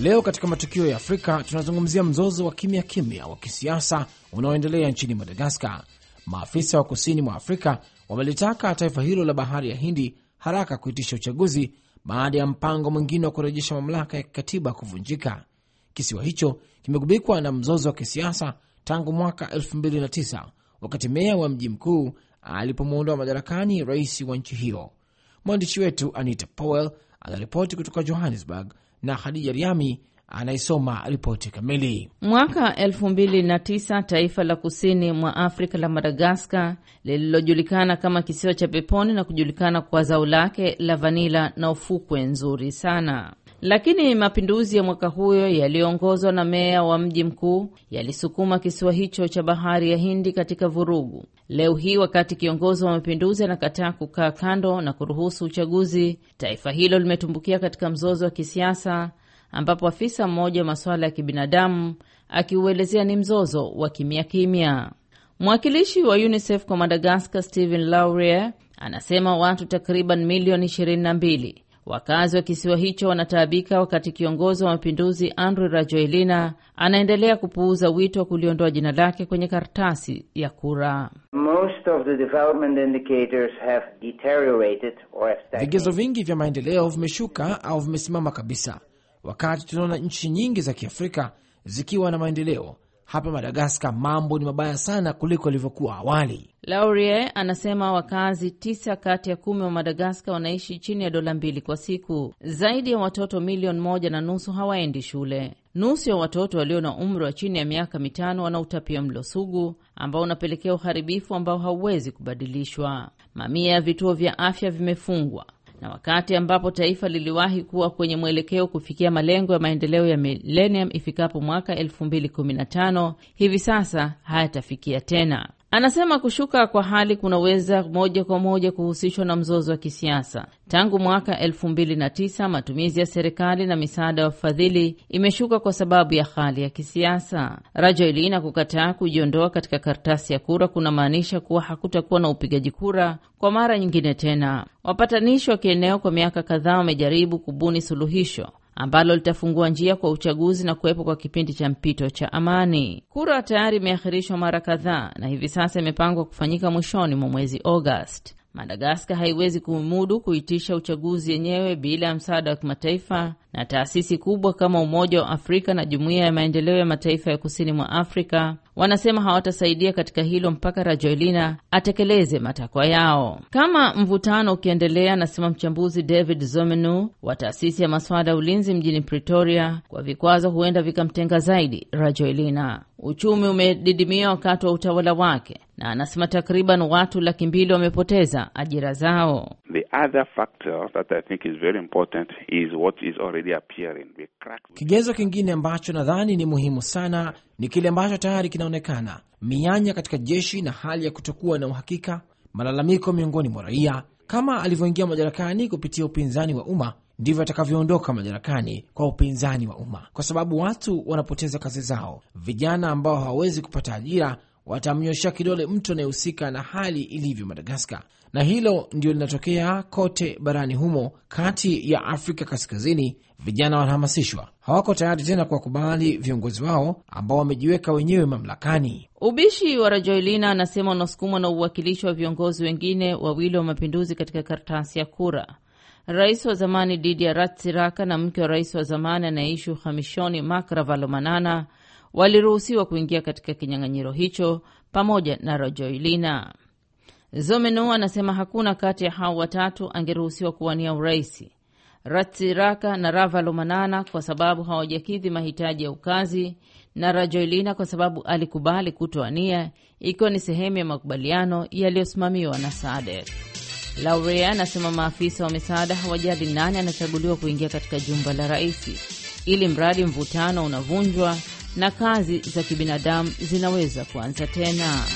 Leo katika matukio ya Afrika tunazungumzia mzozo wa kimya kimya wa kisiasa unaoendelea nchini Madagaskar. Maafisa wa kusini mwa Afrika wamelitaka taifa hilo la bahari ya Hindi haraka kuitisha uchaguzi baada ya mpango mwingine wa kurejesha mamlaka ya kikatiba kuvunjika. Kisiwa hicho kimegubikwa na mzozo wa kisiasa tangu mwaka 2009 wakati meya wa mji mkuu alipomwondoa madarakani rais wa nchi hiyo. Mwandishi wetu Anita Powell anaripoti kutoka Johannesburg na Khadija Riami anayesoma ripoti kamili. Mwaka 2009 taifa la kusini mwa Afrika la Madagaskar lililojulikana kama kisiwa cha peponi na kujulikana kwa zao lake la vanila na ufukwe nzuri sana. Lakini mapinduzi ya mwaka huyo yaliyoongozwa na meya wa mji mkuu yalisukuma kisiwa hicho cha bahari ya Hindi katika vurugu. Leo hii, wakati kiongozi wa mapinduzi anakataa kukaa kando na kuruhusu uchaguzi, taifa hilo limetumbukia katika mzozo wa kisiasa ambapo afisa mmoja wa masuala ya kibinadamu akiuelezea ni mzozo wa kimya kimya. Mwakilishi wa UNICEF kwa madagascar Stephen Laurier, anasema watu takriban milioni 22 Wakazi wa kisiwa hicho wanataabika wakati kiongozi wa mapinduzi Andry Rajoelina anaendelea kupuuza wito wa kuliondoa jina lake kwenye karatasi ya kura. Vigezo vingi vya maendeleo vimeshuka au vimesimama kabisa, wakati tunaona nchi nyingi za Kiafrika zikiwa na maendeleo hapa Madagaskar mambo ni mabaya sana kuliko yalivyokuwa awali. Laurie anasema wakazi tisa kati ya kumi wa Madagaskar wanaishi chini ya dola mbili kwa siku. Zaidi ya watoto milioni moja na nusu hawaendi shule. Nusu ya watoto walio na umri wa chini ya miaka mitano wana utapia mlo sugu ambao unapelekea uharibifu ambao hauwezi kubadilishwa. Mamia ya vituo vya afya vimefungwa na wakati ambapo taifa liliwahi kuwa kwenye mwelekeo kufikia malengo ya maendeleo ya milenium ifikapo mwaka 2015 hivi sasa hayatafikia tena. Anasema kushuka kwa hali kunaweza moja kwa moja kuhusishwa na mzozo wa kisiasa. Tangu mwaka elfu mbili na tisa matumizi ya serikali na misaada ya wafadhili imeshuka kwa sababu ya hali ya kisiasa. Rajoelina na kukataa kujiondoa katika karatasi ya kura kunamaanisha kuwa hakutakuwa na upigaji kura kwa mara nyingine tena. Wapatanishi wa kieneo kwa miaka kadhaa wamejaribu kubuni suluhisho ambalo litafungua njia kwa uchaguzi na kuwepo kwa kipindi cha mpito cha amani. Kura tayari imeahirishwa mara kadhaa na hivi sasa imepangwa kufanyika mwishoni mwa mwezi Agosti. Madagaskar haiwezi kumudu kuitisha uchaguzi yenyewe bila ya msaada wa kimataifa na taasisi kubwa kama Umoja wa Afrika na Jumuiya ya Maendeleo ya Mataifa ya Kusini mwa Afrika wanasema hawatasaidia katika hilo mpaka Rajoelina atekeleze matakwa yao. Kama mvutano ukiendelea, anasema mchambuzi David Zomenu wa taasisi ya masuala ya ulinzi mjini Pretoria, kwa vikwazo huenda vikamtenga zaidi Rajoelina. Uchumi umedidimia wakati wa utawala wake, na anasema takriban watu laki mbili wamepoteza ajira zao. Kigezo kingine ambacho nadhani ni muhimu sana ni kile ambacho tayari kinaonekana: mianya katika jeshi na hali ya kutokuwa na uhakika, malalamiko miongoni mwa raia kama alivyoingia madarakani kupitia upinzani wa umma ndivyo atakavyoondoka madarakani kwa upinzani wa umma, kwa sababu watu wanapoteza kazi zao. Vijana ambao hawawezi kupata ajira watamnyoshea kidole mtu anayehusika na hali ilivyo Madagaskar, na hilo ndio linatokea kote barani humo. Kati ya Afrika Kaskazini, vijana wanahamasishwa, hawako tayari tena kuwakubali viongozi wao ambao wamejiweka wenyewe mamlakani. Ubishi wa Rajoelina anasema unasukumwa na uwakilishi wa viongozi wengine wawili wa mapinduzi katika karatasi ya kura. Rais wa zamani Didier Ratsiraka na mke wa rais wa zamani anayeishi uhamishoni Mak Ravalomanana waliruhusiwa kuingia katika kinyang'anyiro hicho pamoja na Rajoelina. Zomeno anasema hakuna kati ya hao watatu angeruhusiwa kuwania urais, Ratsiraka na Ravalomanana kwa sababu hawajakidhi mahitaji ya ukazi na Rajoelina kwa sababu alikubali kutoania, ikiwa ni sehemu ya makubaliano yaliyosimamiwa na Sadek. Laurea anasema maafisa wa misaada hawajali nani anachaguliwa kuingia katika jumba la rais, ili mradi mvutano unavunjwa na kazi za kibinadamu zinaweza kuanza tena.